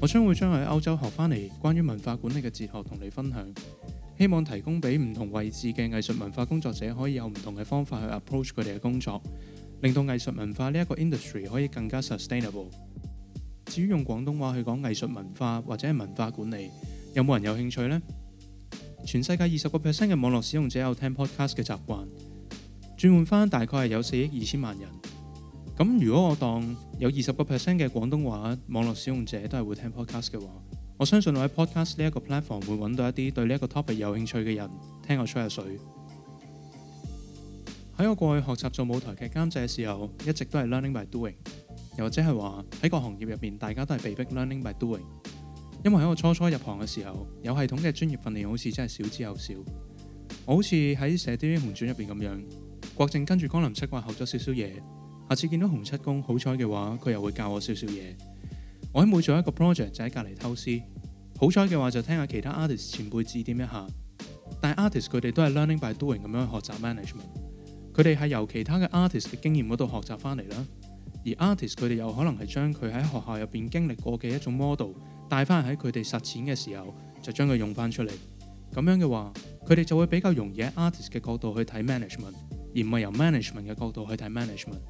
我將會將喺歐洲學翻嚟關於文化管理嘅哲學同你分享，希望提供俾唔同位置嘅藝術文化工作者可以有唔同嘅方法去 approach 佢哋嘅工作，令到藝術文化呢一個 industry 可以更加 sustainable。至於用廣東話去講藝術文化或者係文化管理，有冇人有興趣呢？全世界二十個 percent 嘅網絡使用者有聽 podcast 嘅習慣，轉換翻大概係有四億二千萬人。咁如果我當有二十個 percent 嘅廣東話網絡使用者都係會聽 podcast 嘅話，我相信我喺 podcast 呢一個 platform 會揾到一啲對呢一個 topic 有興趣嘅人聽我吹下水。喺我過去學習做舞台劇監製嘅時候，一直都係 learning by doing，又或者係話喺個行業入面，大家都係被逼 learning by doing。因為喺我初初入行嘅時候，有系統嘅專業訓練好似真係少之又少。我好似喺射鵰英雄傳入邊咁樣，郭靖跟住江南七怪學咗少少嘢。下次見到洪七公，好彩嘅話，佢又會教我少少嘢。我喺每做一個 project 就喺隔離偷師。好彩嘅話，就聽下其他 artist 前輩指點一下。但係 artist 佢哋都係 learning by doing 咁樣學習 management。佢哋係由其他嘅 artist 嘅經驗嗰度學習翻嚟啦。而 artist 佢哋有可能係將佢喺學校入邊經歷過嘅一種 model 帶翻喺佢哋實踐嘅時候，就將佢用翻出嚟。咁樣嘅話，佢哋就會比較容易喺 artist 嘅角度去睇 management，而唔係由 management 嘅角度去睇 management。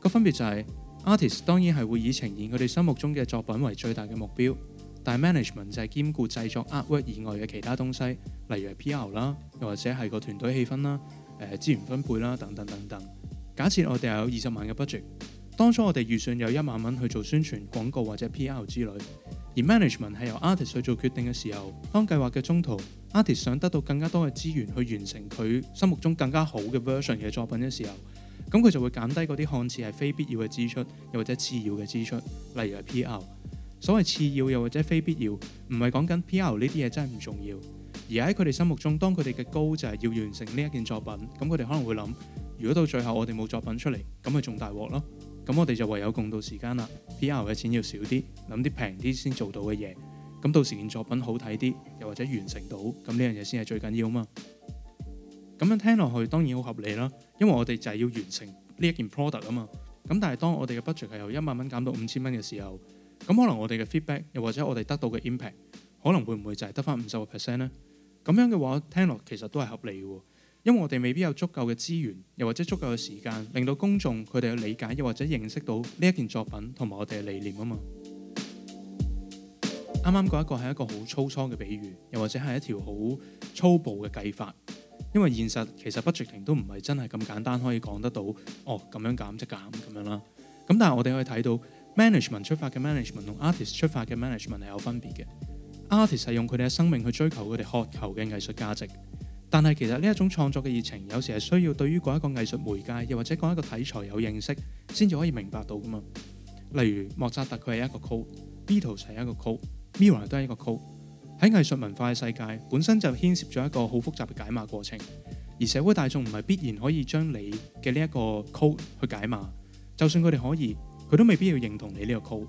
個分別就係、是、artist 當然係會以呈現佢哋心目中嘅作品為最大嘅目標，但 management 就係兼顧製作 artwork 以外嘅其他東西，例如係 PR 啦，又或者係個團隊氣氛啦、呃、資源分配啦等等等等。假設我哋有二十萬嘅 budget，當初我哋預算有一萬蚊去做宣傳、廣告或者 PR 之類，而 management 係由 artist 去做決定嘅時候，當計劃嘅中途，artist 想得到更加多嘅資源去完成佢心目中更加好嘅 version 嘅作品嘅時候。咁佢就會減低嗰啲看似係非必要嘅支出，又或者次要嘅支出，例如係 PR。所謂次要又或者非必要，唔係講緊 PR 呢啲嘢真係唔重要，而喺佢哋心目中，當佢哋嘅高就係要完成呢一件作品，咁佢哋可能會諗：如果到最後我哋冇作品出嚟，咁咪仲大鑊咯。咁我哋就唯有共度時間啦。PR 嘅錢要少啲，諗啲平啲先做到嘅嘢。咁到時件作品好睇啲，又或者完成到，咁呢樣嘢先係最緊要嘛。咁樣聽落去當然好合理啦，因為我哋就係要完成呢一件 product 啊嘛。咁但係當我哋嘅 budget 係由一萬蚊減到五千蚊嘅時候，咁可能我哋嘅 feedback 又或者我哋得到嘅 impact，可能會唔會就係得翻五十個 percent 呢？咁樣嘅話聽落其實都係合理嘅，因為我哋未必有足夠嘅資源，又或者足夠嘅時間，令到公眾佢哋去理解，又或者認識到呢一件作品同埋我哋嘅理念啊嘛。啱啱嗰一個係一個好粗糙嘅比喻，又或者係一條好粗暴嘅計法。因為現實其實不 u d 都唔係真係咁簡單可以講得到，哦咁樣減即係減咁樣啦。咁但係我哋可以睇到 management 出發嘅 management 同 artist 出發嘅 management 係有分別嘅。artist 係用佢哋嘅生命去追求佢哋渴求嘅藝術價值。但係其實呢一種創作嘅熱情，有時係需要對於嗰一個藝術媒介，又或者嗰一個體材有認識，先至可以明白到噶嘛。例如莫扎特佢係一個 c o b e a t l e s 係一個 c o l e m i r r o r 都係一個 c o l e 喺藝術文化嘅世界本身就牽涉咗一個好複雜嘅解碼過程，而社會大眾唔係必然可以將你嘅呢一個 code 去解碼，就算佢哋可以，佢都未必要認同你呢個 code，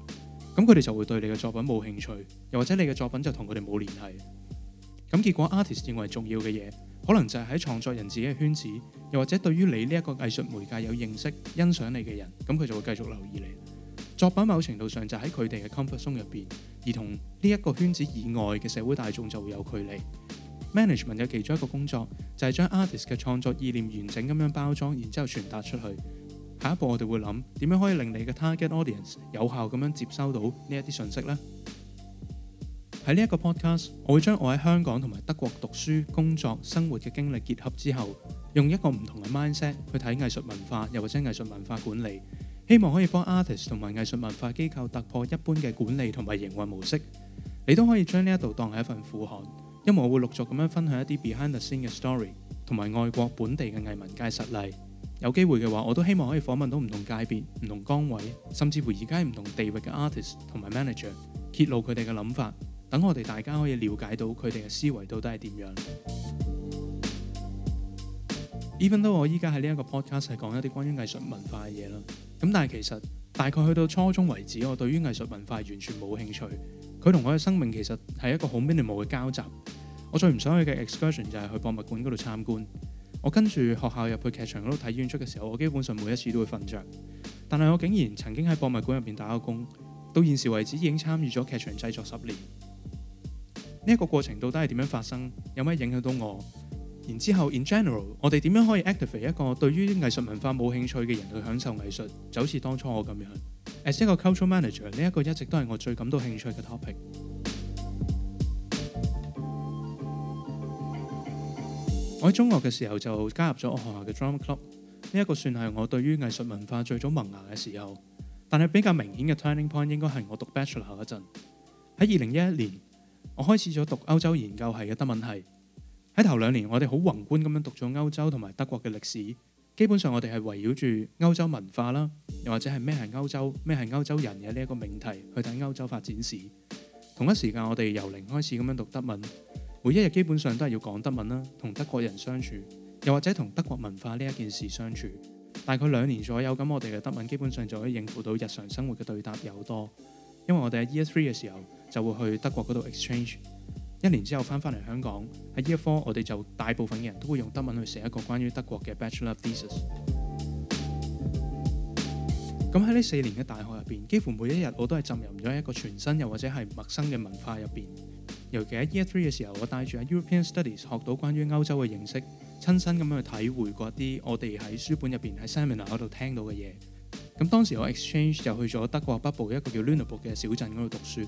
咁佢哋就會對你嘅作品冇興趣，又或者你嘅作品就同佢哋冇聯繫，咁結果 artist 認為重要嘅嘢，可能就係喺創作人自己嘅圈子，又或者對於你呢一個藝術媒介有認識、欣賞你嘅人，咁佢就會繼續留意你。作品某程度上就喺佢哋嘅 comfort zone 入邊，而同呢一個圈子以外嘅社會大眾就會有距離。Management 有其中一個工作就係將 artist 嘅創作意念完整咁樣包裝，然之後傳達出去。下一步我哋會諗點樣可以令你嘅 target audience 有效咁樣接收到呢一啲信息咧？喺呢一個 podcast，我會將我喺香港同埋德國讀書、工作、生活嘅經歷結合之後，用一個唔同嘅 mindset 去睇藝術文化，又或者藝術文化管理。希望可以幫 artist 同埋藝術文化機構突破一般嘅管理同埋營運模式。你都可以將呢一度當係一份副刊，因為我會陸續咁樣分享一啲 behind the scene 嘅 story，同埋外國本地嘅藝文界實例。有機會嘅話，我都希望可以訪問到唔同界別、唔同崗位，甚至乎而家唔同地域嘅 artist 同埋 manager，揭露佢哋嘅諗法，等我哋大家可以了解到佢哋嘅思維到底係點樣。Even though 我依家喺呢一個 podcast 係講一啲關於藝術文化嘅嘢啦。咁但係其實大概去到初中為止，我對於藝術文化完全冇興趣。佢同我嘅生命其實係一個好 minimal 嘅交集。我最唔想去嘅 excursion 就係去博物館嗰度參觀。我跟住學校入去劇場嗰度睇演出嘅時候，我基本上每一次都會瞓着。但係我竟然曾經喺博物館入邊打過工，到現時為止已經參與咗劇場製作十年。呢一個過程到底係點樣發生？有咩影響到我？然之後，in general，我哋點樣可以 activate 一個對於藝術文化冇興趣嘅人去享受藝術？就好似當初我咁樣，as 一個 cultural manager，呢一個一直都係我最感到興趣嘅 topic。我喺中學嘅時候就加入咗我學校嘅 drama club，呢一個算係我對於藝術文化最早萌芽嘅時候。但係比較明顯嘅 turning point 應該係我讀 bachelor 嗰陣。喺二零一一年，我開始咗讀歐洲研究系嘅德文系。喺頭兩年，我哋好宏觀咁樣讀咗歐洲同埋德國嘅歷史，基本上我哋係圍繞住歐洲文化啦，又或者係咩係歐洲，咩係歐洲人嘅呢一個命題去睇歐洲發展史。同一時間，我哋由零開始咁樣讀德文，每一日基本上都係要講德文啦，同德國人相處，又或者同德國文化呢一件事相處，大概兩年左右咁，我哋嘅德文基本上就可以應付到日常生活嘅對答有多。因為我哋喺 Year Three 嘅時候就會去德國嗰度 exchange。一年之後翻返嚟香港喺 year four，我哋就大部分嘅人都會用德文去寫一個關於德國嘅 Bachelor thesis。咁喺呢四年嘅大學入邊，幾乎每一日我都係浸入咗一個全新又或者係陌生嘅文化入邊。尤其喺 year three 嘅時候，我帶住喺 European Studies 學到關於歐洲嘅認識，親身咁樣去體會過啲我哋喺書本入邊喺 Seminar 度聽到嘅嘢。咁當時我 exchange 就去咗德國北部一個叫 Lüneburg 嘅小鎮嗰度讀書。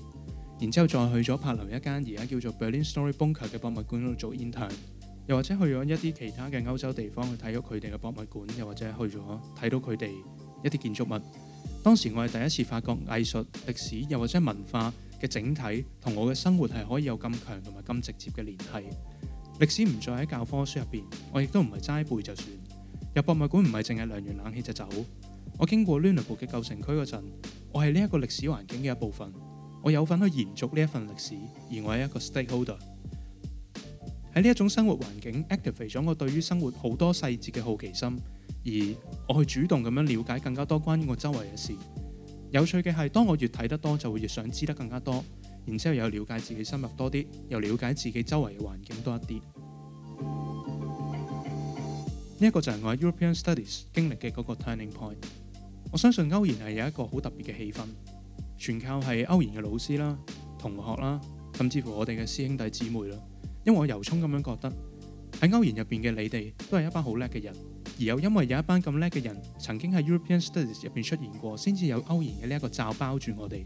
然之後再去咗柏林一間而家叫做 Berlin Story Bunker 嘅博物館度做 intern，又或者去咗一啲其他嘅歐洲地方去睇咗佢哋嘅博物館，又或者去咗睇到佢哋一啲建築物。當時我係第一次發覺藝術、歷史又或者文化嘅整體同我嘅生活係可以有咁強同埋咁直接嘅聯繫。歷史唔再喺教科書入邊，我亦都唔係齋背就算。入博物館唔係淨係涼完冷氣就走。我經過 Lunenburg 嘅舊城區嗰陣，我係呢一個歷史環境嘅一部分。我有份去延續呢一份歷史，而我係一個 stakeholder。喺呢一種生活環境，activate 咗我對於生活好多細節嘅好奇心，而我去主動咁樣了解更加多關於我周圍嘅事。有趣嘅係，當我越睇得多，就會越想知得更加多，然之後又了解自己深入多啲，又了解自己周圍嘅環境多一啲。呢一個就係我喺 European Studies 經歷嘅嗰個 turning point。我相信歐元係有一個好特別嘅氣氛。全靠係歐研嘅老師啦、同學啦，甚至乎我哋嘅師兄弟姊妹啦。因為我由衷咁樣覺得，喺歐研入邊嘅你哋都係一班好叻嘅人，而又因為有一班咁叻嘅人曾經喺 European Studies 入邊出現過，先至有歐研嘅呢一個罩包住我哋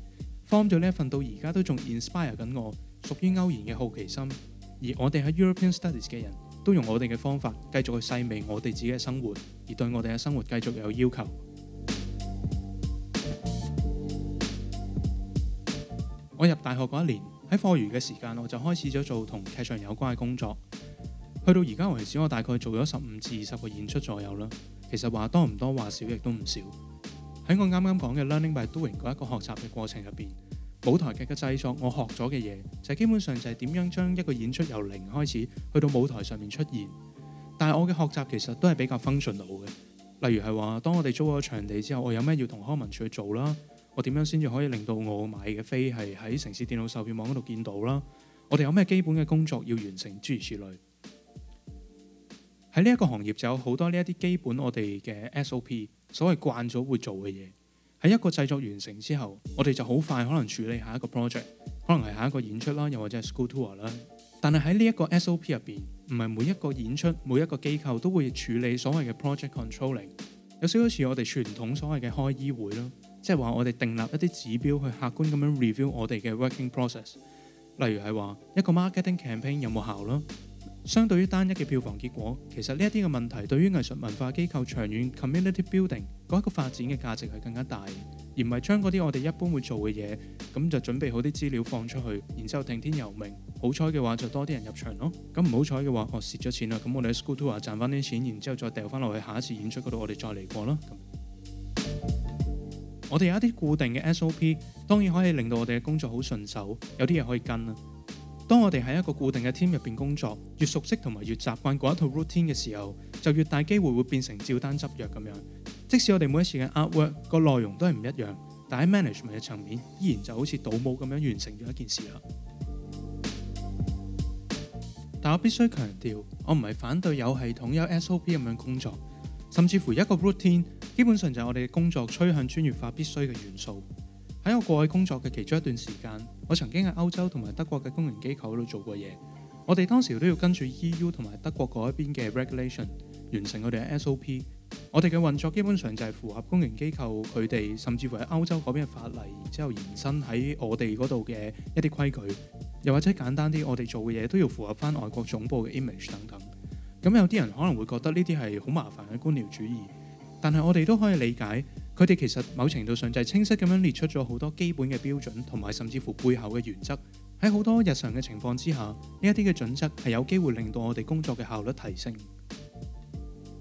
，form 咗呢一份到而家都仲 inspire 緊我，屬於歐研嘅好奇心。而我哋喺 European Studies 嘅人都用我哋嘅方法繼續去細味我哋自己嘅生活，而對我哋嘅生活繼續有要求。我入大學嗰一年，喺課餘嘅時間，我就開始咗做同劇場有關嘅工作。去到而家為止，我大概做咗十五至二十個演出左右啦。其實多多話多唔多，話少亦都唔少。喺我啱啱講嘅 learning by doing 嗰一個學習嘅過程入邊，舞台劇嘅製作，我學咗嘅嘢就是、基本上就係點樣將一個演出由零開始去到舞台上面出現。但係我嘅學習其實都係比較分寸腦嘅。例如係話，當我哋租咗場地之後，我有咩要同康文 m 去做啦。我點樣先至可以令到我買嘅飛係喺城市電腦售票網嗰度見到啦？我哋有咩基本嘅工作要完成，諸如此類。喺呢一個行業就有好多呢一啲基本我哋嘅 SOP，所謂慣咗會做嘅嘢。喺一個製作完成之後，我哋就好快可能處理下一個 project，可能係下一個演出啦，又或者係 school tour 啦。但係喺呢一個 SOP 入邊，唔係每一個演出每一個機構都會處理所謂嘅 project controlling，有少少似我哋傳統所謂嘅開醫會啦。即係話我哋訂立一啲指標去客觀咁樣 review 我哋嘅 working process，例如係話一個 marketing campaign 有冇效咯。相對於單一嘅票房結果，其實呢一啲嘅問題對於藝術文化機構長遠 community building 嗰一個發展嘅價值係更加大，而唔係將嗰啲我哋一般會做嘅嘢，咁就準備好啲資料放出去，然之後聽天由命。好彩嘅話就多啲人入場咯，咁唔好彩嘅話，我蝕咗錢啦，咁我哋喺 school tour 賺翻啲錢，然之後再掉翻落去下一次演出嗰度，我哋再嚟過咯。我哋有一啲固定嘅 SOP，當然可以令到我哋嘅工作好順手，有啲嘢可以跟啦。當我哋喺一個固定嘅 team 入邊工作，越熟悉同埋越習慣嗰一套 routine 嘅時候，就越大機會會變成照單執藥咁樣。即使我哋每一次嘅 artwork 個內容都係唔一樣，但喺 management 嘅層面，依然就好似倒模咁樣完成咗一件事啦。但我必須強調，我唔係反對有系統、有 SOP 咁樣工作，甚至乎一個 routine。基本上就係我哋嘅工作趨向專業化必須嘅元素。喺我過去工作嘅其中一段時間，我曾經喺歐洲同埋德國嘅公營機構嗰度做過嘢。我哋當時都要跟住 EU 同埋德國嗰一邊嘅 regulation 完成的我哋嘅 SOP。我哋嘅運作基本上就係符合公營機構佢哋，甚至乎喺歐洲嗰邊嘅法例，然之後延伸喺我哋嗰度嘅一啲規矩。又或者簡單啲，我哋做嘅嘢都要符合翻外國總部嘅 image 等等。咁有啲人可能會覺得呢啲係好麻煩嘅官僚主義。但係我哋都可以理解，佢哋其實某程度上就係清晰咁樣列出咗好多基本嘅標準，同埋甚至乎背後嘅原則。喺好多日常嘅情況之下，呢一啲嘅準則係有機會令到我哋工作嘅效率提升。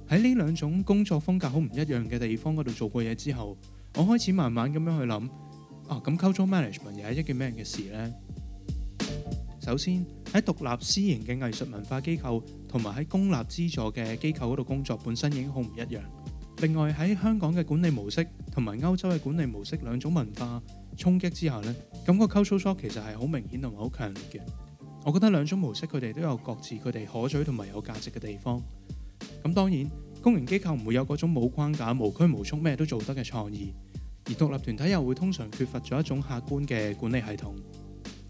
喺呢兩種工作風格好唔一樣嘅地方嗰度做過嘢之後，我開始慢慢咁樣去諗啊。咁，cultural management 又係一件咩嘅事呢？首先喺獨立私營嘅藝術文化機構，同埋喺公立資助嘅機構嗰度工作，本身已經好唔一樣。另外，喺香港嘅管理模式同埋歐洲嘅管理模式，兩種文化衝擊之下呢，嗰個 cultural shock 其實係好明顯同埋好強烈嘅。我覺得兩種模式佢哋都有各自佢哋可取同埋有價值嘅地方。咁當然公營機構唔會有嗰種冇框架、無拘無束、咩都做得嘅創意，而獨立團體又會通常缺乏咗一種客觀嘅管理系統。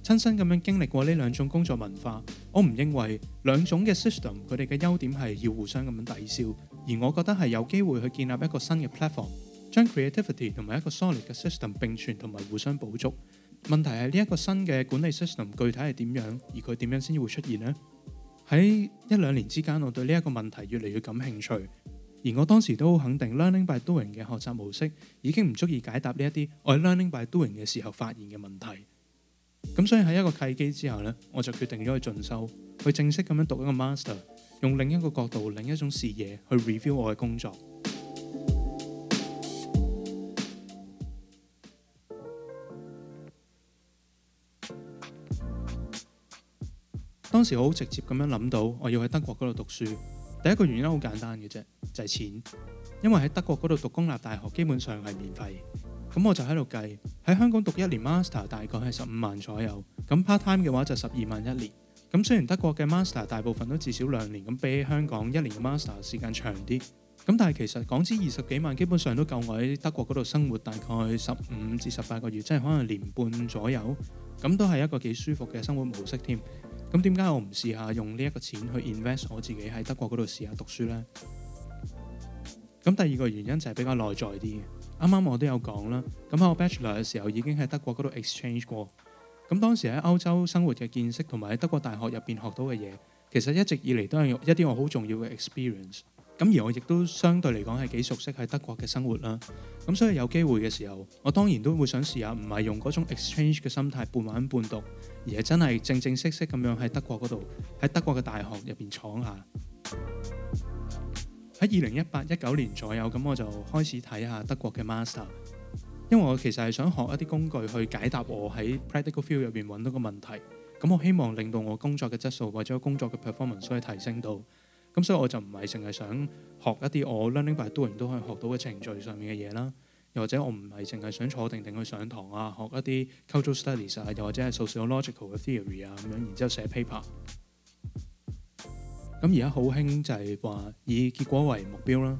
親身咁樣經歷過呢兩種工作文化，我唔認為兩種嘅 system 佢哋嘅優點係要互相咁樣抵消。而我覺得係有機會去建立一個新嘅 platform，將 creativity 同埋一個 solid 嘅 system 並存同埋互相補足。問題係呢一個新嘅管理 system 具體係點樣，而佢點樣先至會出現呢？喺一兩年之間，我對呢一個問題越嚟越感興趣。而我當時都好肯定 learning by doing 嘅學習模式已經唔足以解答呢一啲我 learning by doing 嘅時候發現嘅問題。咁所以喺一個契機之下呢，我就決定咗去進修，去正式咁樣讀一個 master。用另一個角度、另一種視野去 review 我嘅工作。當時好直接咁樣諗到，我要喺德國嗰度讀書。第一個原因好簡單嘅啫，就係錢。因為喺德國嗰度讀公立大學基本上係免費。咁我就喺度計喺香港讀一年 master 大概係十五萬左右。咁 part time 嘅話就十二萬一年。咁雖然德國嘅 master 大部分都至少兩年，咁比起香港一年嘅 master 時間長啲。咁但係其實港紙二十幾萬基本上都夠我喺德國嗰度生活大概十五至十八個月，即係可能年半左右。咁都係一個幾舒服嘅生活模式添。咁點解我唔試下用呢一個錢去 invest 我自己喺德國嗰度試下讀書呢？咁第二個原因就係比較內在啲。啱啱我都有講啦。咁喺我 bachelor 嘅時候已經喺德國嗰度 exchange 過。咁當時喺歐洲生活嘅見識，同埋喺德國大學入邊學到嘅嘢，其實一直以嚟都係一啲我好重要嘅 experience。咁而我亦都相對嚟講係幾熟悉喺德國嘅生活啦。咁所以有機會嘅時候，我當然都會想試下唔係用嗰種 exchange 嘅心態半玩半讀，而係真係正正式式咁樣喺德國嗰度，喺德國嘅大學入邊闖下。喺二零一八一九年左右，咁我就開始睇下德國嘅 master。因為我其實係想學一啲工具去解答我喺 practical field 入邊揾到嘅問題，咁我希望令到我工作嘅質素，或者工作嘅 performance，可以提升到，咁所以我就唔係淨係想學一啲我 learning by doing 都可以學到嘅程序上面嘅嘢啦，又或者我唔係淨係想坐定定去上堂啊，學一啲 cultural studies 啊，又或者係 sociological 嘅 theory 啊咁樣，然之後寫 paper。咁而家好興就係話以結果為目標啦。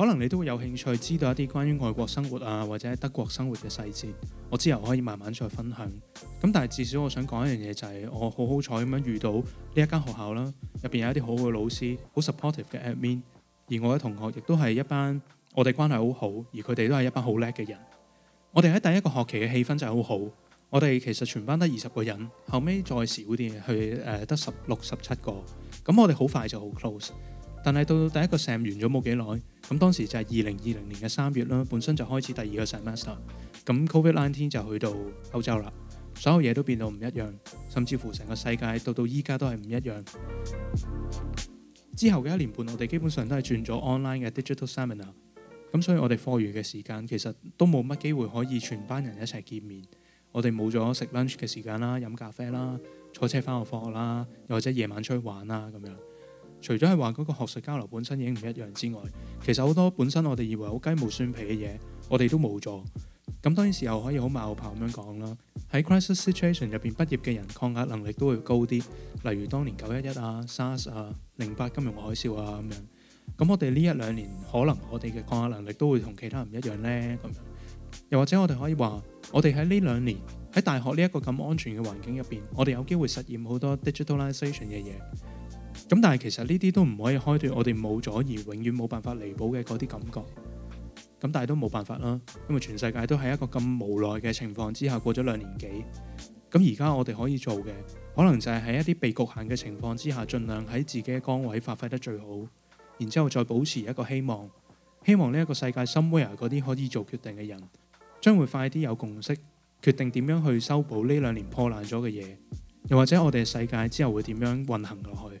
可能你都會有興趣知道一啲關於外國生活啊，或者德國生活嘅細節，我之後可以慢慢再分享。咁但係至少我想講一樣嘢就係、是、我好好彩咁樣遇到呢一間學校啦，入邊有一啲好好嘅老師，好 supportive 嘅 admin，而我嘅同學亦都係一班我哋關係好好，而佢哋都係一班好叻嘅人。我哋喺第一個學期嘅氣氛就係好好，我哋其實全班得二十個人，後尾再少啲，去誒得十六十七個，咁我哋好快就好 close。但係到到第一個 semester 完咗冇幾耐，咁當時就係二零二零年嘅三月啦，本身就開始第二個 semester，咁 covid nineteen 就去到歐洲啦，所有嘢都變到唔一樣，甚至乎成個世界到到依家都係唔一樣。之後嘅一年半，我哋基本上都係轉咗 online 嘅 digital seminar，咁所以我哋課餘嘅時間其實都冇乜機會可以全班人一齊見面，我哋冇咗食 lunch 嘅時間啦、飲咖啡啦、坐車返學、放學啦，又或者夜晚出去玩啦咁樣。除咗係話嗰個學術交流本身已經唔一樣之外，其實好多本身我哋以為好雞毛蒜皮嘅嘢，我哋都冇做。咁當然時候可以好冒泡咁樣講啦。喺 crisis situation 入面畢業嘅人抗壓能力都會高啲，例如當年九一一啊、SARS 啊、零八金融海嘯啊咁樣。咁我哋呢一兩年可能我哋嘅抗壓能力都會同其他人唔一樣呢。咁又或者我哋可以話，我哋喺呢兩年喺大學呢一個咁安全嘅環境入面，我哋有機會實驗好多 digitalization 嘅嘢。咁但係其實呢啲都唔可以開脫，我哋冇咗而永遠冇辦法彌補嘅嗰啲感覺。咁但係都冇辦法啦，因為全世界都喺一個咁無奈嘅情況之下過咗兩年幾。咁而家我哋可以做嘅，可能就係喺一啲被局限嘅情況之下，儘量喺自己嘅崗位發揮得最好，然之後再保持一個希望，希望呢一個世界 somewhere 嗰啲可以做決定嘅人，將會快啲有共識，決定點樣去修補呢兩年破爛咗嘅嘢，又或者我哋嘅世界之後會點樣運行落去。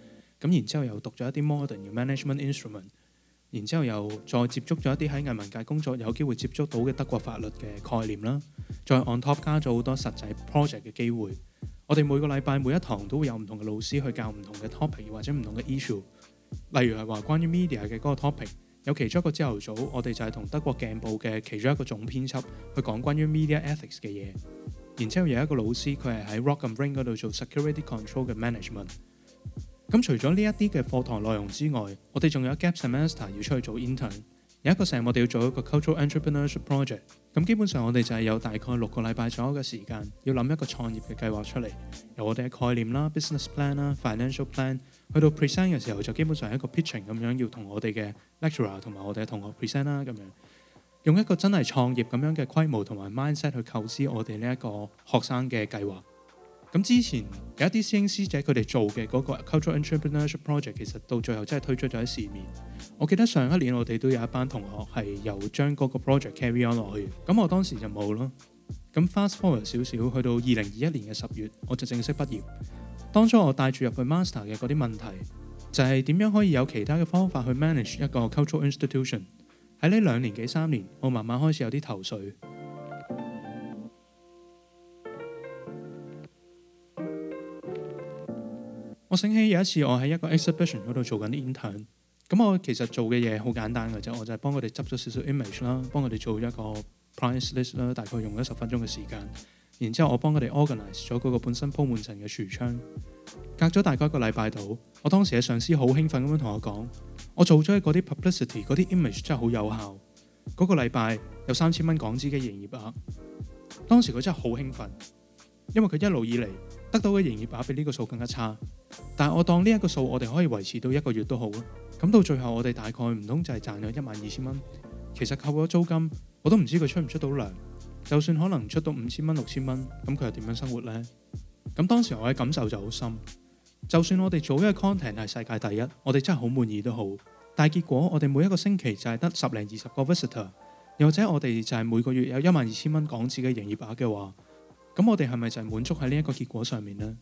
咁然之後又讀咗一啲 modern management instrument，然之後又再接觸咗一啲喺藝文界工作有機會接觸到嘅德國法律嘅概念啦。再 on top 加咗好多實際 project 嘅機會。我哋每個禮拜，每一堂都會有唔同嘅老師去教唔同嘅 topic 或者唔同嘅 issue。例如係話關於 media 嘅嗰個 topic，有其中一個朝頭早我哋就係同德國鏡報嘅其中一個總編輯去講關於 media ethics 嘅嘢。然之後有一個老師佢係喺 Rock am Ring 嗰度做 security control 嘅 management。咁除咗呢一啲嘅課堂內容之外，我哋仲有一 gap semester 要出去做 intern，有一個成日我哋要做一個 cultural entrepreneurship project。咁基本上我哋就係有大概六個禮拜左右嘅時間，要諗一個創業嘅計劃出嚟，由我哋嘅概念啦、business plan 啦、financial plan，去到 present 嘅時候就基本上係一個 pitching 咁樣，要同我哋嘅 lecturer 同埋我哋嘅同學 present 啦咁樣，用一個真係創業咁樣嘅規模同埋 mindset 去構思我哋呢一個學生嘅計劃。咁之前有一啲師兄師姐佢哋做嘅嗰個 cultural entrepreneurship project 其實到最後真係推出咗喺市面。我記得上一年我哋都有一班同學係由將嗰個 project carry on 落去，咁我當時就冇咯。咁 fast forward 少少，去到二零二一年嘅十月，我就正式畢業。當初我帶住入去 master 嘅嗰啲問題，就係點樣可以有其他嘅方法去 manage 一個 cultural institution。喺呢兩年幾三年，我慢慢開始有啲頭緒。我醒起有一次，我喺一個 exhibition 嗰度做緊啲 intern，咁我其實我做嘅嘢好簡單嘅啫，我就係幫佢哋執咗少少 image 啦，幫佢哋做一個 price list 啦，大概用咗十分鐘嘅時間，然之後我幫佢哋 organize 咗嗰個本身鋪滿層嘅櫥窗，隔咗大概一個禮拜度，我當時嘅上司好興奮咁樣同我講，我做咗嗰啲 publicity，嗰啲 image 真係好有效，嗰、嗰個禮拜有三千蚊港紙嘅營業額，當時佢真係好興奮，因為佢一路以嚟。得到嘅營業額比呢個數更加差，但我當呢一個數，我哋可以維持到一個月都好咯。咁到最後，我哋大概唔通就係賺咗一萬二千蚊。其實扣咗租金，我都唔知佢出唔出到糧。就算可能出到五千蚊、六千蚊，咁佢又點樣生活呢？咁當時我嘅感受就好深。就算我哋做一個 content 係世界第一，我哋真係好滿意都好。但係結果，我哋每一個星期就係得十零二十個 visitor，又或者我哋就係每個月有一萬二千蚊港紙嘅營業額嘅話。咁我哋係咪就係滿足喺呢一個結果上面呢？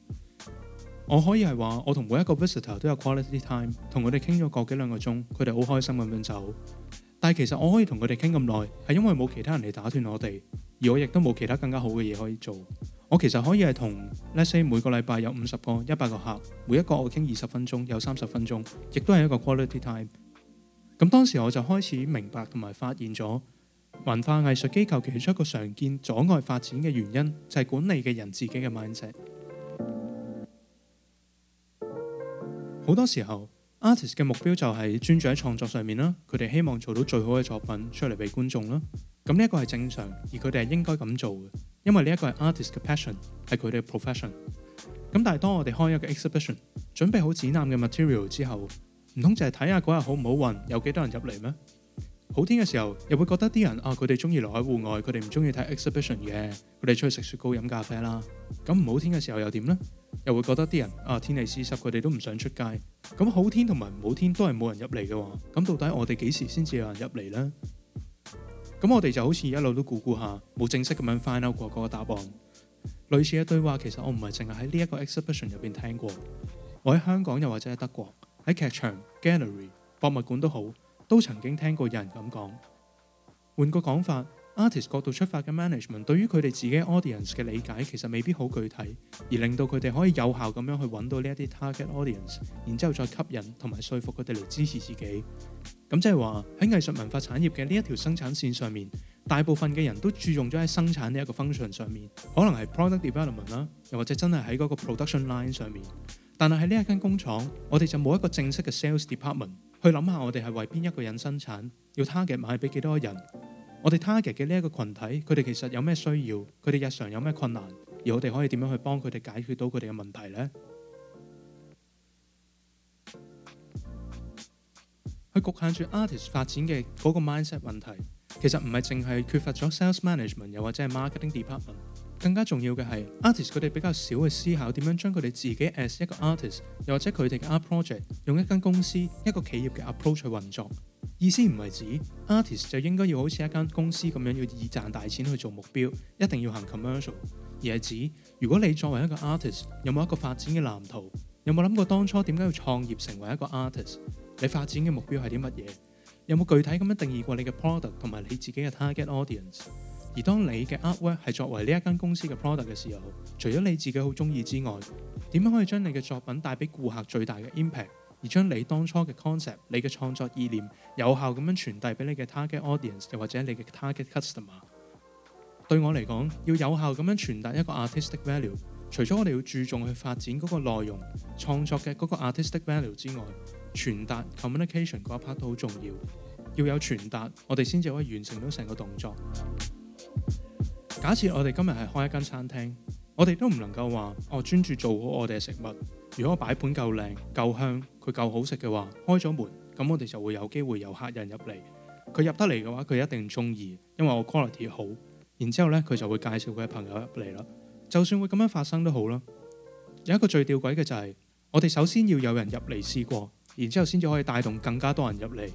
我可以係話，我同每一個 visitor 都有 quality time，同佢哋傾咗個幾兩個鐘，佢哋好開心咁樣走。但係其實我可以同佢哋傾咁耐，係因為冇其他人嚟打斷我哋，而我亦都冇其他更加好嘅嘢可以做。我其實可以係同，let's say，每個禮拜有五十個、一百個客，每一個我傾二十分鐘，有三十分鐘，亦都係一個 quality time。咁當時我就開始明白同埋發現咗。文化藝術機構其中一個常見阻礙發展嘅原因，就係管理嘅人自己嘅 mindset。好多時候，artist 嘅目標就係專注喺創作上面啦，佢哋希望做到最好嘅作品出嚟俾觀眾啦。咁呢一個係正常，而佢哋係應該咁做嘅，因為呢一個係 artist 嘅 passion，係佢哋嘅 profession。咁但係當我哋開一個 exhibition，準備好展覽嘅 material 之後，唔通就係睇下嗰日好唔好運，有幾多人入嚟咩？好天嘅時候，又會覺得啲人啊，佢哋中意留喺戶外，佢哋唔中意睇 exhibition 嘅，佢哋出去食雪糕、飲咖啡啦。咁唔好天嘅時候又點呢？又會覺得啲人啊，天氣濕濕，佢哋都唔想出街。咁好天同埋唔好天都係冇人入嚟嘅。咁到底我哋幾時先至有人入嚟呢？咁我哋就好似一路都估估下，冇正式咁樣 find out 過嗰個答案。類似嘅對話，其實我唔係淨係喺呢一個 exhibition 入邊聽過，我喺香港又或者喺德國，喺劇場、gallery、博物館都好。都曾經聽過有人咁講，換個講法，artist 角度出發嘅 management 對於佢哋自己 audience 嘅理解其實未必好具體，而令到佢哋可以有效咁樣去揾到呢一啲 target audience，然之後再吸引同埋説服佢哋嚟支持自己。咁即係話喺藝術文化產業嘅呢一條生產線上面，大部分嘅人都注重咗喺生產呢一個 function 上面，可能係 product development 啦，又或者真係喺嗰個 production line 上面。但係喺呢一間工廠，我哋就冇一個正式嘅 sales department。去諗下我哋係為邊一個人生產，要 target 買俾幾多人？我哋 target 嘅呢一個群體，佢哋其實有咩需要？佢哋日常有咩困難？而我哋可以點樣去幫佢哋解決到佢哋嘅問題呢？去局限住 artist 發展嘅嗰個 mindset 問題，其實唔係淨係缺乏咗 sales management，又或者係 marketing department。更加重要嘅係 artist 佢哋比較少去思考點樣將佢哋自己 as 一個 artist，又或者佢哋嘅 art project 用一間公司、一個企業嘅 approach 去運作。意思唔係指 artist 就應該要好似一間公司咁樣，要以賺大錢去做目標，一定要行 commercial。而係指如果你作為一個 artist，有冇一個發展嘅藍圖？有冇諗過當初點解要創業成為一個 artist？你發展嘅目標係啲乜嘢？有冇具體咁樣定義過你嘅 product 同埋你自己嘅 target audience？而當你嘅 artwork 係作為呢一間公司嘅 product 嘅時候，除咗你自己好中意之外，點樣可以將你嘅作品帶俾顧客最大嘅 impact，而將你當初嘅 concept、你嘅創作意念有效咁樣傳遞俾你嘅 target audience，又或者你嘅 target customer？對我嚟講，要有效咁樣傳達一個 artistic value，除咗我哋要注重去發展嗰個內容創作嘅嗰個 artistic value 之外，傳達 communication 嗰一 part 都好重要。要有傳達，我哋先至可以完成到成個動作。假設我哋今日係開一間餐廳，我哋都唔能夠話，我、哦、專注做好我哋嘅食物。如果擺盤夠靚、夠香、佢夠好食嘅話，開咗門，咁我哋就會有機會有客人入嚟。佢入得嚟嘅話，佢一定中意，因為我 quality 好。然之後呢，佢就會介紹佢嘅朋友入嚟啦。就算會咁樣發生都好啦。有一個最吊詭嘅就係、是，我哋首先要有人入嚟試過，然之後先至可以帶動更加多人入嚟。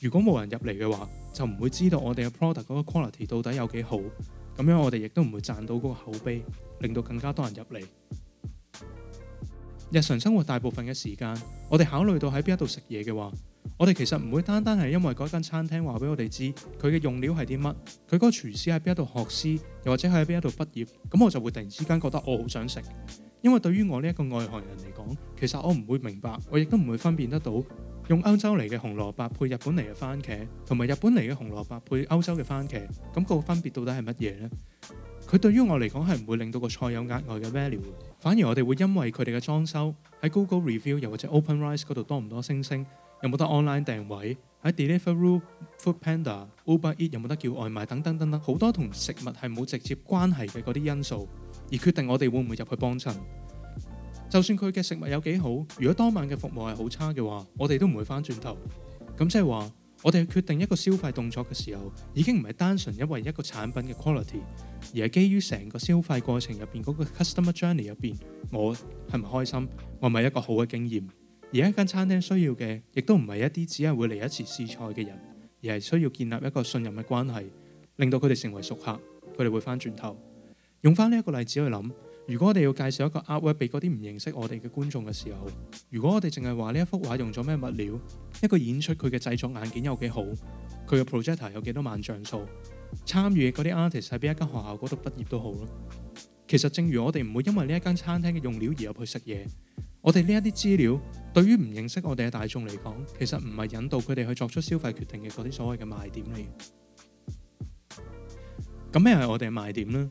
如果冇人入嚟嘅話，就唔會知道我哋嘅 product 嗰個 quality 到底有幾好。咁樣我哋亦都唔會賺到嗰個口碑，令到更加多人入嚟。日常生活大部分嘅時間，我哋考慮到喺邊一度食嘢嘅話，我哋其實唔會單單係因為嗰間餐廳話俾我哋知佢嘅用料係啲乜，佢個廚師喺邊一度學師，又或者喺邊一度畢業，咁我就會突然之間覺得我好想食。因為對於我呢一個外行人嚟講，其實我唔會明白，我亦都唔會分辨得到。用歐洲嚟嘅紅蘿蔔配日本嚟嘅番茄，同埋日本嚟嘅紅蘿蔔配歐洲嘅番茄，咁、那個分別到底係乜嘢呢？佢對於我嚟講係唔會令到個菜有額外嘅 value，反而我哋會因為佢哋嘅裝修喺 Google Review 又或者 Open Rice 嗰度多唔多星星，有冇得 online 定位喺 Delivery Food Panda、Uber Eats 有冇得叫外賣等等等等，好多同食物係冇直接關係嘅嗰啲因素，而決定我哋會唔會入去幫襯。就算佢嘅食物有幾好，如果當晚嘅服務係好差嘅話，我哋都唔會翻轉頭。咁即係話，我哋決定一個消費動作嘅時候，已經唔係單純因為一個產品嘅 quality，而係基於成個消費過程入邊嗰個 customer journey 入邊，我係唔開心，我唔係一個好嘅經驗。而一間餐廳需要嘅，亦都唔係一啲只係會嚟一次試菜嘅人，而係需要建立一個信任嘅關係，令到佢哋成為熟客，佢哋會翻轉頭。用翻呢一個例子去諗。如果我哋要介紹一個 artwork 俾嗰啲唔認識我哋嘅觀眾嘅時候，如果我哋淨係話呢一幅畫用咗咩物料，一個演出佢嘅製作硬件有幾好，佢嘅 projector 有幾多萬像素，參與嘅嗰啲 artist 喺邊一間學校嗰度畢業都好咯。其實正如我哋唔會因為呢一間餐廳嘅用料而入去食嘢，我哋呢一啲資料對於唔認識我哋嘅大眾嚟講，其實唔係引導佢哋去作出消費決定嘅嗰啲所謂嘅賣點嚟。咁咩係我哋嘅賣點呢？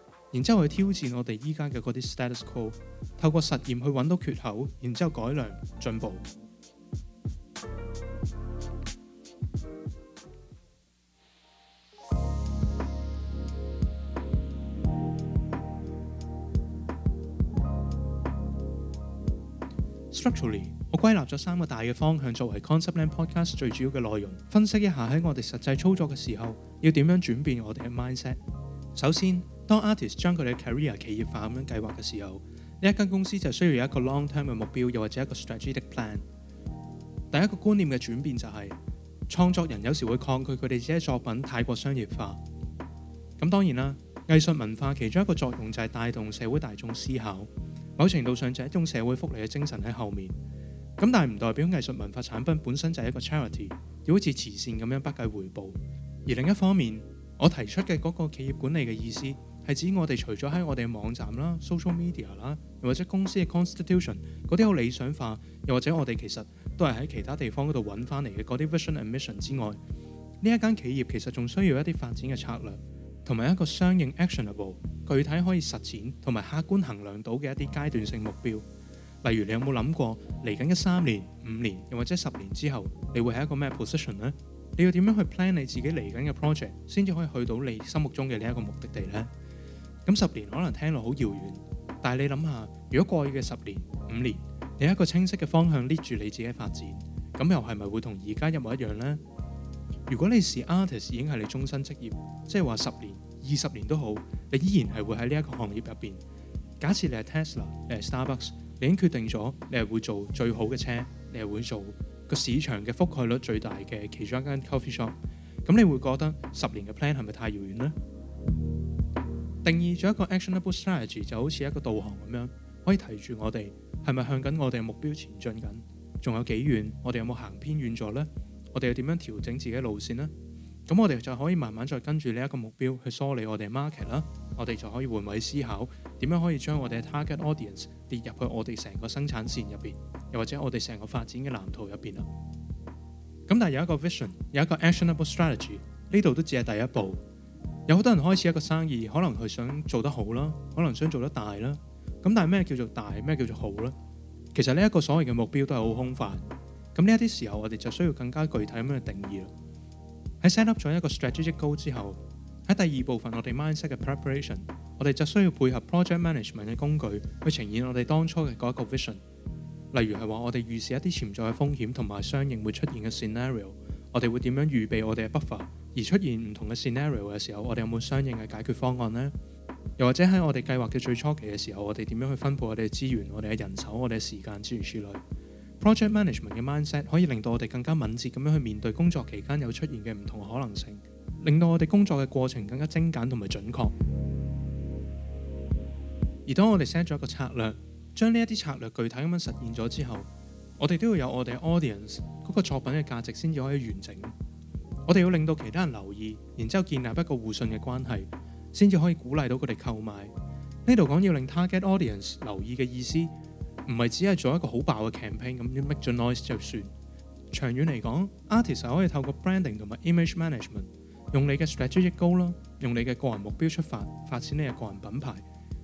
然之後去挑戰我哋依家嘅嗰啲 status quo，透過實驗去揾到缺口，然之後改良進步。Structurally，我歸納咗三個大嘅方向作為 Conceptland Podcast 最主要嘅內容。分析一下喺我哋實際操作嘅時候要點樣轉變我哋嘅 mindset。首先。當 artist 將佢哋嘅 career 企業化咁樣計劃嘅時候，呢一間公司就需要有一個 long-term 嘅目標，又或者一個 strategic plan。第一個觀念嘅轉變就係，創作人有時會抗拒佢哋自己作品太過商業化。咁當然啦，藝術文化其中一個作用就係帶動社會大眾思考，某程度上就係一種社會福利嘅精神喺後面。咁但係唔代表藝術文化產品本身就係一個 charity，要好似慈善咁樣不計回報。而另一方面，我提出嘅嗰個企業管理嘅意思。係指我哋除咗喺我哋嘅網站啦、social media 啦，又或者公司嘅 constitution 嗰啲好理想化，又或者我哋其實都係喺其他地方嗰度揾翻嚟嘅嗰啲 vision and mission 之外，呢一間企業其實仲需要一啲發展嘅策略，同埋一個相應 actionable、具體可以實踐同埋客觀衡量到嘅一啲階段性目標。例如，你有冇諗過嚟緊一三年、五年又或者十年之後，你會係一個咩 position 呢？你要點樣去 plan 你自己嚟緊嘅 project，先至可以去到你心目中嘅呢一個目的地呢？咁十年可能聽落好遙遠，但係你諗下，如果過去嘅十年、五年，你一個清晰嘅方向，拎住你自己發展，咁又係咪會同而家一模一樣呢？如果你是 artist，已經係你終身職業，即係話十年、二十年都好，你依然係會喺呢一個行業入面。假設你係 Tesla，你係 Starbucks，你已經決定咗你係會做最好嘅車，你係會做個市場嘅覆蓋率最大嘅其中一間 coffee shop，咁你會覺得十年嘅 plan 係咪太遙遠呢？定義咗一個 actionable strategy 就好似一個導航咁樣，可以提住我哋係咪向緊我哋嘅目標前進緊？仲有幾遠？我哋有冇行偏遠咗呢？我哋要點樣調整自己嘅路線呢？咁我哋就可以慢慢再跟住呢一個目標去梳理我哋 market 啦。我哋就可以換位思考，點樣可以將我哋嘅 target audience 跌入去我哋成個生產線入邊，又或者我哋成個發展嘅藍圖入邊啦。咁但係有一個 vision，有一個 actionable strategy，呢度都只係第一步。有好多人開始一個生意，可能佢想做得好啦，可能想做得大啦。咁但係咩叫做大？咩叫做好呢？其實呢一個所謂嘅目標都係好空泛。咁呢一啲時候，我哋就需要更加具體咁樣去定義啦。喺 set up 咗一個 strategic goal 之後，喺第二部分我哋 mindset 嘅 preparation，我哋就需要配合 project management 嘅工具去呈現我哋當初嘅嗰一個 vision。例如係話我哋預示一啲潛在嘅風險同埋相應會出現嘅 scenario，我哋會點樣預備我哋嘅 buffer。而出現唔同嘅 scenario 嘅時候，我哋有冇相應嘅解決方案呢？又或者喺我哋計劃嘅最初期嘅時候，我哋點樣去分配我哋嘅資源、我哋嘅人手、我哋嘅時間之類之類、之源處理？Project management 嘅 mindset 可以令到我哋更加敏捷咁樣去面對工作期間有出現嘅唔同嘅可能性，令到我哋工作嘅過程更加精簡同埋準確。而當我哋 set 咗一個策略，將呢一啲策略具體咁樣實現咗之後，我哋都要有我哋 audience 嗰個作品嘅價值先至可以完整。我哋要令到其他人留意，然之後建立一個互信嘅關係，先至可以鼓勵到佢哋購買。呢度講要令 target audience 留意嘅意思，唔係只係做一個好爆嘅 campaign 咁，make noise 就算。長遠嚟講，artist 可以透過 branding 同埋 image management，用你嘅 strategic goal 啦，用你嘅個人目標出發，發展你嘅個人品牌，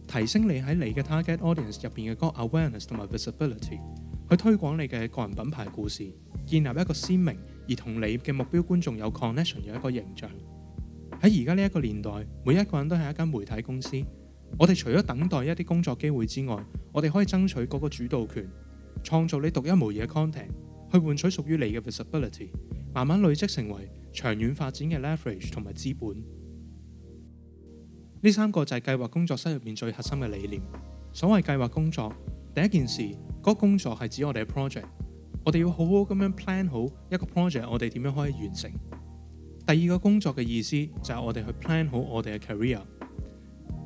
提升你喺你嘅 target audience 入邊嘅個 awareness 同埋 visibility，去推廣你嘅個人品牌故事，建立一個鮮明而同你嘅目標觀眾有 connection 有一個形象。喺而家呢一個年代，每一個人都係一間媒體公司。我哋除咗等待一啲工作機會之外，我哋可以爭取嗰個主導權，創造你獨一無二嘅 content，去換取屬於你嘅 visibility，慢慢累積成為長遠發展嘅 leverage 同埋資本。呢三個就係計劃工作室入面最核心嘅理念。所謂計劃工作，第一件事，嗰、嗰個工作係指我哋嘅 project。我哋要好好咁樣 plan 好一個 project，我哋點樣可以完成？第二個工作嘅意思就係我哋去 plan 好我哋嘅 career。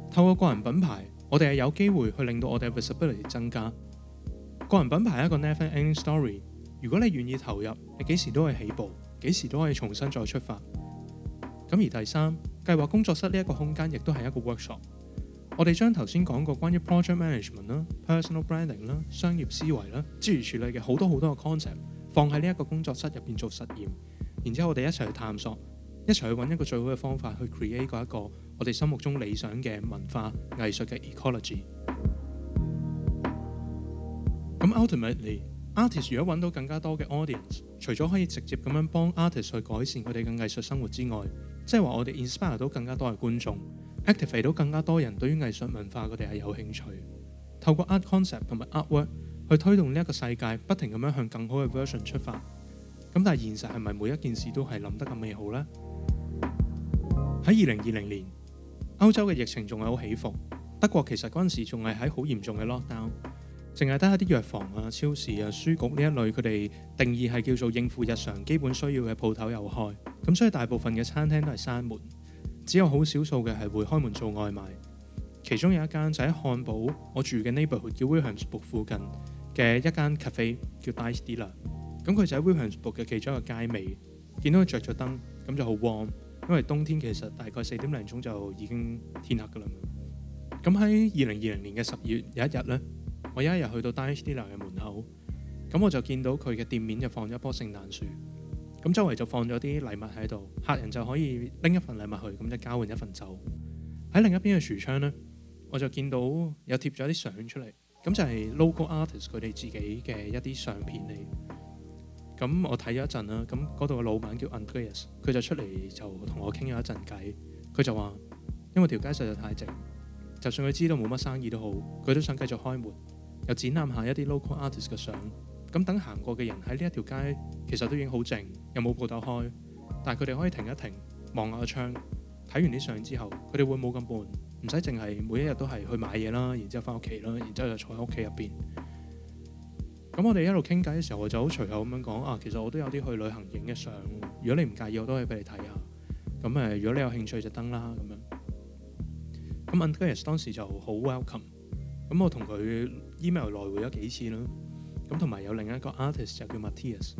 透過個人品牌，我哋係有機會去令到我哋嘅 visibility 增加。個人品牌係一個 never ending story。如果你願意投入，你幾時都可以起步，幾時都可以重新再出發。咁而第三，計劃工作室呢一個空間亦都係一個 workshop。我哋將頭先講過關於 project management 啦、personal branding 啦、商業思維啦、諸如此類嘅好多好多嘅 concept 放喺呢一個工作室入邊做實驗，然之後我哋一齊去探索，一齊去揾一個最好嘅方法去 create 嗰一個我哋心目中理想嘅文化藝術嘅 ecology。咁 ultimately，artist 如果揾到更加多嘅 audience，除咗可以直接咁樣幫 artist 去改善佢哋嘅藝術生活之外，即係話我哋 inspire 到更加多嘅觀眾。Activate 到更加多人對於藝術文化，佢哋係有興趣。透過 art concept 同埋 art work 去推動呢一個世界，不停咁樣向更好嘅 version 出發。咁但係現實係咪每一件事都係諗得咁美好呢？喺二零二零年，歐洲嘅疫情仲係好起伏。德國其實嗰陣時仲係喺好嚴重嘅 lockdown，淨係得一啲藥房啊、超市啊、書局呢一類，佢哋定義係叫做應付日常基本需要嘅鋪頭有開。咁所以大部分嘅餐廳都係閂門。只有好少數嘅係會開門做外賣，其中有一間就喺漢堡我住嘅 neighborhood 叫 Wimbledon l 附近嘅一間 cafe 叫 Dish d i l l a r，咁佢就喺 Wimbledon l 嘅其中一個街尾，見到佢着咗燈，咁就好 warm。因為冬天其實大概四點零鐘就已經天黑噶啦。咁喺二零二零年嘅十月有一日呢，我有一日去到 Dish d i l l a 嘅門口，咁我就見到佢嘅店面就放咗一棵聖誕樹。咁周圍就放咗啲禮物喺度，客人就可以拎一份禮物去，咁就交換一份酒。喺另一邊嘅櫥窗呢，我就見到有貼咗啲相出嚟，咁就係 local artist 佢哋自己嘅一啲相片嚟。咁我睇咗一陣啦，咁嗰度嘅老闆叫 Andreas，佢就出嚟就同我傾咗一陣偈，佢就話：因為條街實在太靜，就算佢知道冇乜生意都好，佢都想繼續開門，又展覽下一啲 local artist 嘅相。咁等行過嘅人喺呢一條街，其實都已經好靜，又冇鋪頭開，但係佢哋可以停一停，望下個窗，睇完啲相之後，佢哋會冇咁悶，唔使淨係每一日都係去買嘢啦，然之後翻屋企啦，然之後就坐喺屋企入邊。咁我哋一路傾偈嘅時候，我就好隨口咁樣講啊，其實我都有啲去旅行影嘅相，如果你唔介意，我都可以俾你睇下。咁誒，如果你有興趣就登啦，咁樣。咁 Antares 當時就好 welcome，咁我同佢 email 來回咗幾次啦。咁同埋有另一個 artist 就叫 Matias。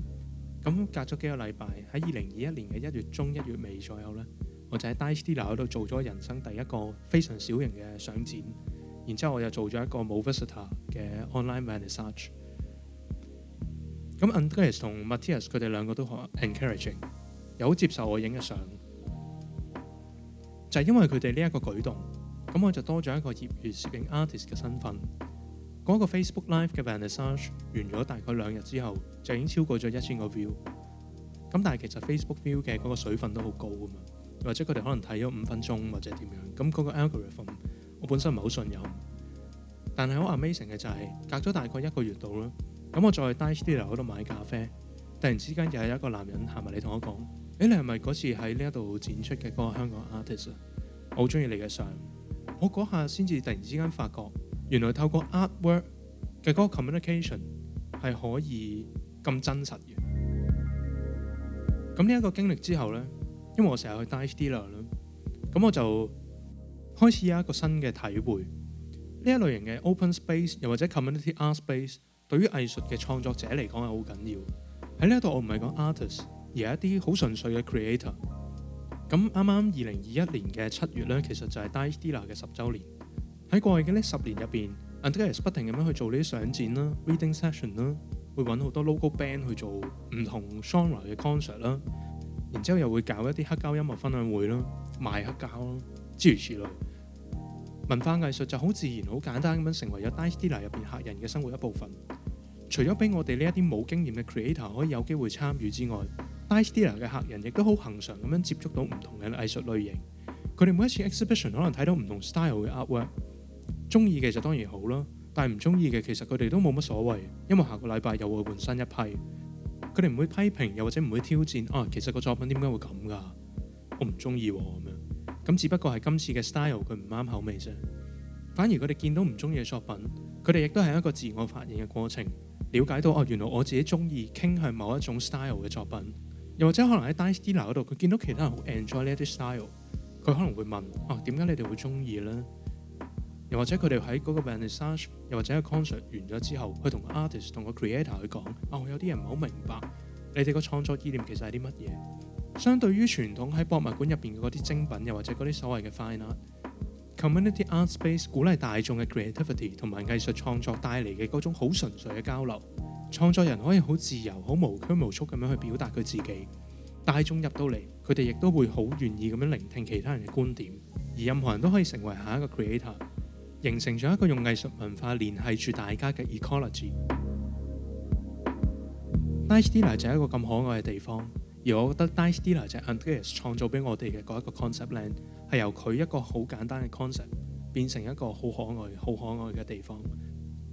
咁隔咗幾個禮拜，喺二零二一年嘅一月中、一月尾左右呢，我就喺 Dachstuhl 喺度做咗人生第一個非常小型嘅相展。然之後我又做咗一個冇 visitor 嘅 online manisage。咁 Andreas 同 Matias 佢哋兩個都好 encouraging，又好接受我影嘅相。就係、是、因為佢哋呢一個舉動，咁我就多咗一個業餘攝影 artist 嘅身份。嗰、那個 Facebook Live 嘅 vernissage 完咗大概兩日之後，就已經超過咗一千個 view。咁但係其實 Facebook view 嘅嗰個水分都好高㗎嘛，或者佢哋可能睇咗五分鐘或者點樣。咁嗰個 algorithm 我本身唔係好信任，但係好 amazing 嘅就係隔咗大概一個月度啦。咁我再去 Dieci 樓嗰度買咖啡，突然之間又有一個男人行埋嚟同我講，誒你係咪嗰次喺呢一度展出嘅嗰個香港 artist 啊？我好中意你嘅相。我嗰下先至突然之間發覺。原來透過 artwork 嘅嗰個 communication 係可以咁真實嘅。咁呢一個經歷之後呢，因為我成日去 Dieula 嘅，咁我就開始有一個新嘅體會。呢一類型嘅 open space 又或者 community art space，對於藝術嘅創作者嚟講係好緊要。喺呢一度我唔係講 artists 而係一啲好純粹嘅 creator。咁啱啱二零二一年嘅七月呢，其實就係 Dieula 嘅十週年。喺過去嘅呢十年入邊，Antares 不停咁樣去做呢啲相展啦、reading session 啦，會揾好多 local band 去做唔同 genre 嘅 concert 啦，然之後又會搞一啲黑膠音樂分享會啦，賣黑膠咯，諸如此類。文化藝術就好自然、好簡單咁樣成為咗 Dice Dealer 入邊客人嘅生活一部分。除咗俾我哋呢一啲冇經驗嘅 creator 可以有機會參與之外，Dice Dealer 嘅客人亦都好恒常咁樣接觸到唔同嘅藝術類型。佢哋每一次 exhibition 可能睇到唔同 style 嘅 artwork。中意嘅就當然好啦，但係唔中意嘅其實佢哋都冇乜所謂，因為下個禮拜又會換新一批。佢哋唔會批評，又或者唔會挑戰。啊，其實個作品點解會咁噶？我唔中意咁樣。咁只不過係今次嘅 style 佢唔啱口味啫。反而佢哋見到唔中意嘅作品，佢哋亦都係一個自我發現嘅過程，了解到哦、啊，原來我自己中意傾向某一種 style 嘅作品，又或者可能喺 d i s c i 度佢見到其他人好 enjoy 呢啲 style，佢可能會問：「啊，點解你哋會中意呢？」又或者佢哋喺嗰個 research，又或者個 concert 完咗之後，去同個 artist 同個 creator 去講啊，我、哦、有啲人唔好明白你哋個創作意念其實係啲乜嘢。相對於傳統喺博物館入邊嗰啲精品，又或者嗰啲所謂嘅 fine art community art space，鼓勵大眾嘅 creativity 同埋藝術創作帶嚟嘅嗰種好純粹嘅交流。創作人可以好自由、好無拘無束咁樣去表達佢自己，大眾入到嚟佢哋亦都會好願意咁樣聆聽其他人嘅觀點，而任何人都可以成為下一個 creator。形成咗一個用藝術文化連係住大家嘅 ecology。NICE、Dyssdilla 就係一個咁可愛嘅地方，而我覺得、NICE、Dyssdilla 就係 Anteas 創造俾我哋嘅嗰一個 concept land，係由佢一個好簡單嘅 concept 變成一個好可愛、好可愛嘅地方。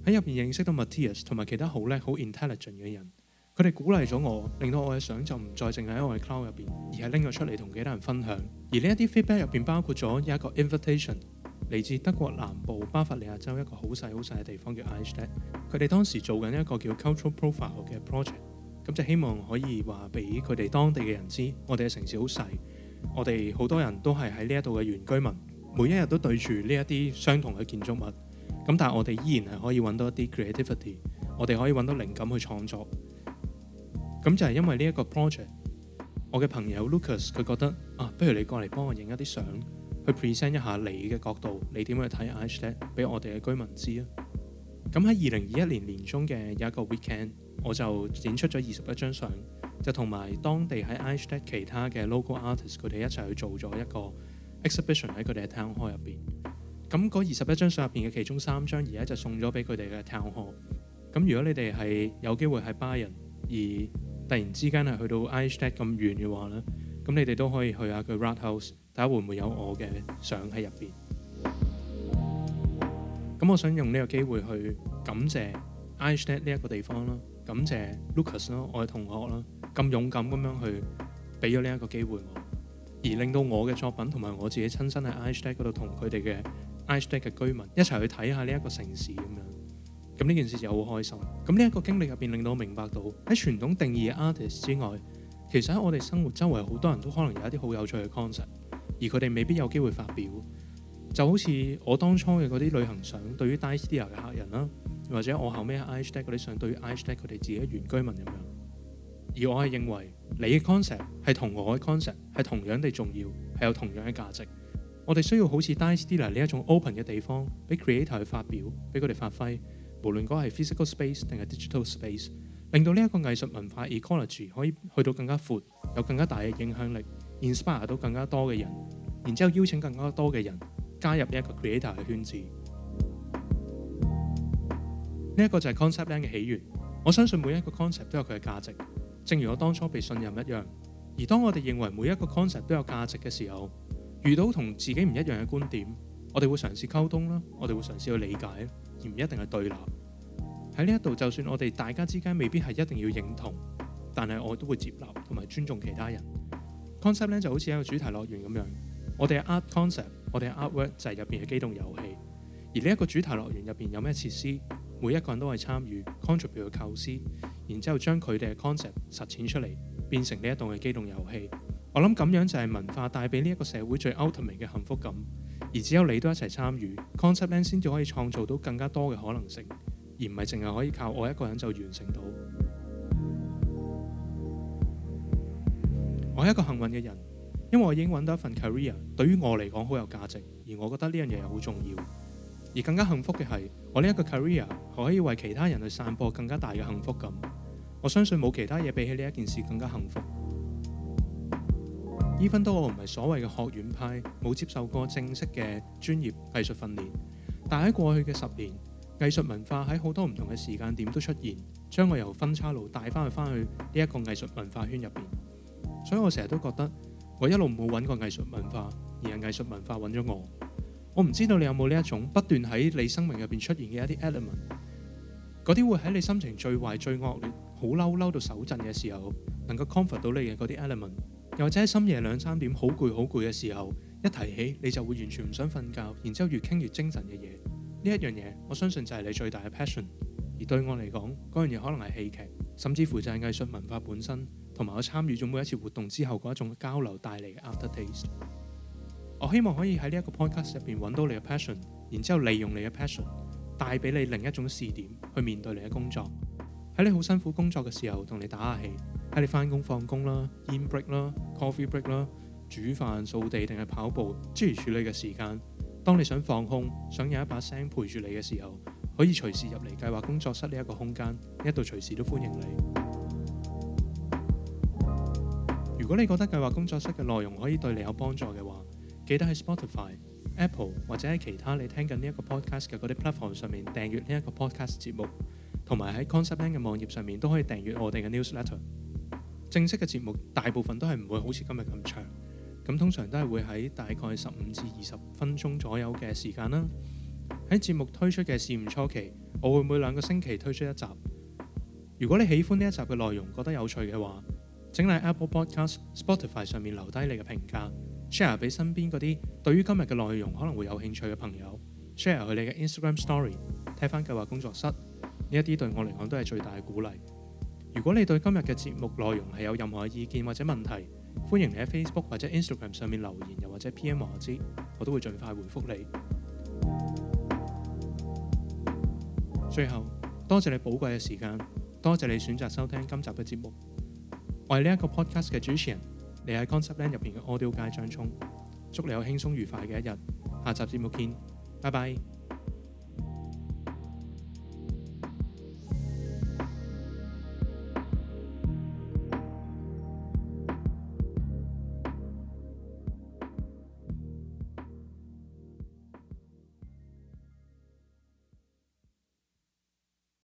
喺入邊認識到 Matthias 同埋其他好叻、好 intelligent 嘅人，佢哋鼓勵咗我，令到我嘅相就唔再淨係喺我嘅 cloud 入邊，而係拎咗出嚟同其他人分享。而呢一啲 feedback 入邊包括咗有一個 invitation。嚟自德國南部巴伐利亞州一個好細好細嘅地方叫 Eichstätt，佢哋當時做緊一個叫 cultural profile 嘅 project，咁就希望可以話俾佢哋當地嘅人知，我哋嘅城市好細，我哋好多人都係喺呢一度嘅原居民，每一日都對住呢一啲相同嘅建築物，咁但係我哋依然係可以揾到一啲 creativity，我哋可以揾到靈感去創作。咁就係因為呢一個 project，我嘅朋友 Lucas 佢覺得啊，不如你過嚟幫我影一啲相。去 present 一下你嘅角度，你點樣去睇 Iceland，俾我哋嘅居民知啊！咁喺二零二一年年中嘅有一個 weekend，我就展出咗二十一張相，就同埋當地喺 Iceland 其他嘅 local artist 佢哋一齊去做咗一個 exhibition 喺佢哋嘅 town hall 入邊。咁嗰二十一張相入邊嘅其中三張，而家就送咗俾佢哋嘅 town hall。咁如果你哋係有機會喺巴人，而突然之間係去到 Iceland 咁遠嘅話呢，咁你哋都可以去下佢 Rathaus。睇下會唔會有我嘅相喺入邊。咁，我想用呢個機會去感謝 iStack 呢一個地方啦，感謝 Lucas 咯，我嘅同學啦，咁勇敢咁樣去俾咗呢一個機會我，而令到我嘅作品同埋我自己親身喺 iStack 嗰度同佢哋嘅 iStack 嘅居民一齊去睇下呢一個城市咁樣。咁呢件事就好開心。咁呢一個經歷入邊，令到我明白到喺傳統定義嘅 artist 之外，其實喺我哋生活周圍好多人都可能有一啲好有趣嘅 concept。而佢哋未必有機會發表，就好似我當初嘅嗰啲旅行相，對於 Dysdilla 嘅客人啦，或者我後尾 iStack 嗰啲相，對於 iStack 佢哋自己原居民咁樣。而我係認為你嘅 concept 係同我嘅 concept 係同樣地重要，係有同樣嘅價值。我哋需要好似 Dysdilla 呢一種 open 嘅地方，俾 creator 去發表，俾佢哋發揮，無論嗰係 physical space 定係 digital space，令到呢一個藝術文化 ecology 可以去到更加闊，有更加大嘅影響力。inspire 到更加多嘅人，然之後邀請更加多嘅人加入呢一個 creator 嘅圈子。呢一個就係 Conceptland 嘅起源。我相信每一個 concept 都有佢嘅價值，正如我當初被信任一樣。而當我哋認為每一個 concept 都有價值嘅時候，遇到同自己唔一樣嘅觀點，我哋會嘗試溝通啦，我哋會嘗試去理解，而唔一定係對立。喺呢一度，就算我哋大家之間未必係一定要認同，但係我都會接納同埋尊重其他人。concept 就好似一個主題樂園咁樣，我哋嘅 art concept，我哋嘅 artwork 就係入面嘅機動遊戲。而呢一個主題樂園入面有咩設施？每一個人都係參與、contribute 嘅構思，然之後將佢哋嘅 concept 實踐出嚟，變成呢一度嘅機動遊戲。我諗咁樣就係文化帶俾呢一個社會最 ultimate 嘅幸福感，而只有你都一齊參與 concept 先至可以創造到更加多嘅可能性，而唔係淨係可以靠我一個人就完成到。我係一個幸運嘅人，因為我已經揾到一份 career，對於我嚟講好有價值。而我覺得呢樣嘢好重要。而更加幸福嘅係，我呢一個 career，可以為其他人去散播更加大嘅幸福感。我相信冇其他嘢比起呢一件事更加幸福。even though，我唔係所謂嘅學院派，冇接受過正式嘅專業藝術訓練。但喺過去嘅十年，藝術文化喺好多唔同嘅時間點都出現，將我由分叉路帶翻去翻去呢一個藝術文化圈入邊。所以我成日都覺得，我一路冇揾過藝術文化，而係藝術文化揾咗我。我唔知道你有冇呢一種不斷喺你生命入邊出現嘅一啲 element，嗰啲會喺你心情最壞、最惡劣、好嬲嬲到手震嘅時候，能夠 comfort 到你嘅嗰啲 element，又或者喺深夜兩三點好攰好攰嘅時候，一提起你就會完全唔想瞓覺，然之後越傾越精神嘅嘢。呢一樣嘢，我相信就係你最大嘅 passion。而對我嚟講，嗰樣嘢可能係戲劇。甚至乎就係藝術文化本身，同埋我參與咗每一次活動之後嗰一種交流帶嚟嘅 aftertaste。我希望可以喺呢一個 podcast 入邊揾到你嘅 passion，然之後利用你嘅 passion 帶俾你另一種視點去面對你嘅工作。喺你好辛苦工作嘅時候同你打下氣，喺你翻工放工啦、煙 break 啦、coffee break 啦、煮飯掃地定係跑步諸如此類嘅時間，當你想放空、想有一把聲陪住你嘅時候，可以隨時入嚟計劃工作室呢一個空間，呢度隨時都歡迎你。如果你覺得計劃工作室嘅內容可以對你有幫助嘅話，記得喺 Spotify、Apple 或者喺其他你聽緊呢一個 podcast 嘅嗰啲 platform 上面訂閱呢一個 podcast 節目，同埋喺 Conceptland 嘅網頁上面都可以訂閱我哋嘅 newsletter。正式嘅節目大部分都係唔會好似今日咁長，咁通常都係會喺大概十五至二十分鐘左右嘅時間啦。喺節目推出嘅試驗初期，我會每兩個星期推出一集。如果你喜歡呢一集嘅內容，覺得有趣嘅話，請喺 Apple Podcast、Spotify 上面留低你嘅評價，share 俾身邊嗰啲對於今日嘅內容可能會有興趣嘅朋友，share 去你嘅 Instagram Story，聽翻計劃工作室呢一啲，對我嚟講都係最大嘅鼓勵。如果你對今日嘅節目內容係有任何嘅意見或者問題，歡迎你喺 Facebook 或者 Instagram 上面留言，又或者 P.M. 話我知，我都會盡快回覆你。最後，多謝你寶貴嘅時間，多謝你選擇收聽今集嘅節目。我係呢一個 podcast 嘅主持人，你喺 Conceptland 入邊嘅 audio guy 張聰，祝你有輕鬆愉快嘅一日，下集節目見，拜拜。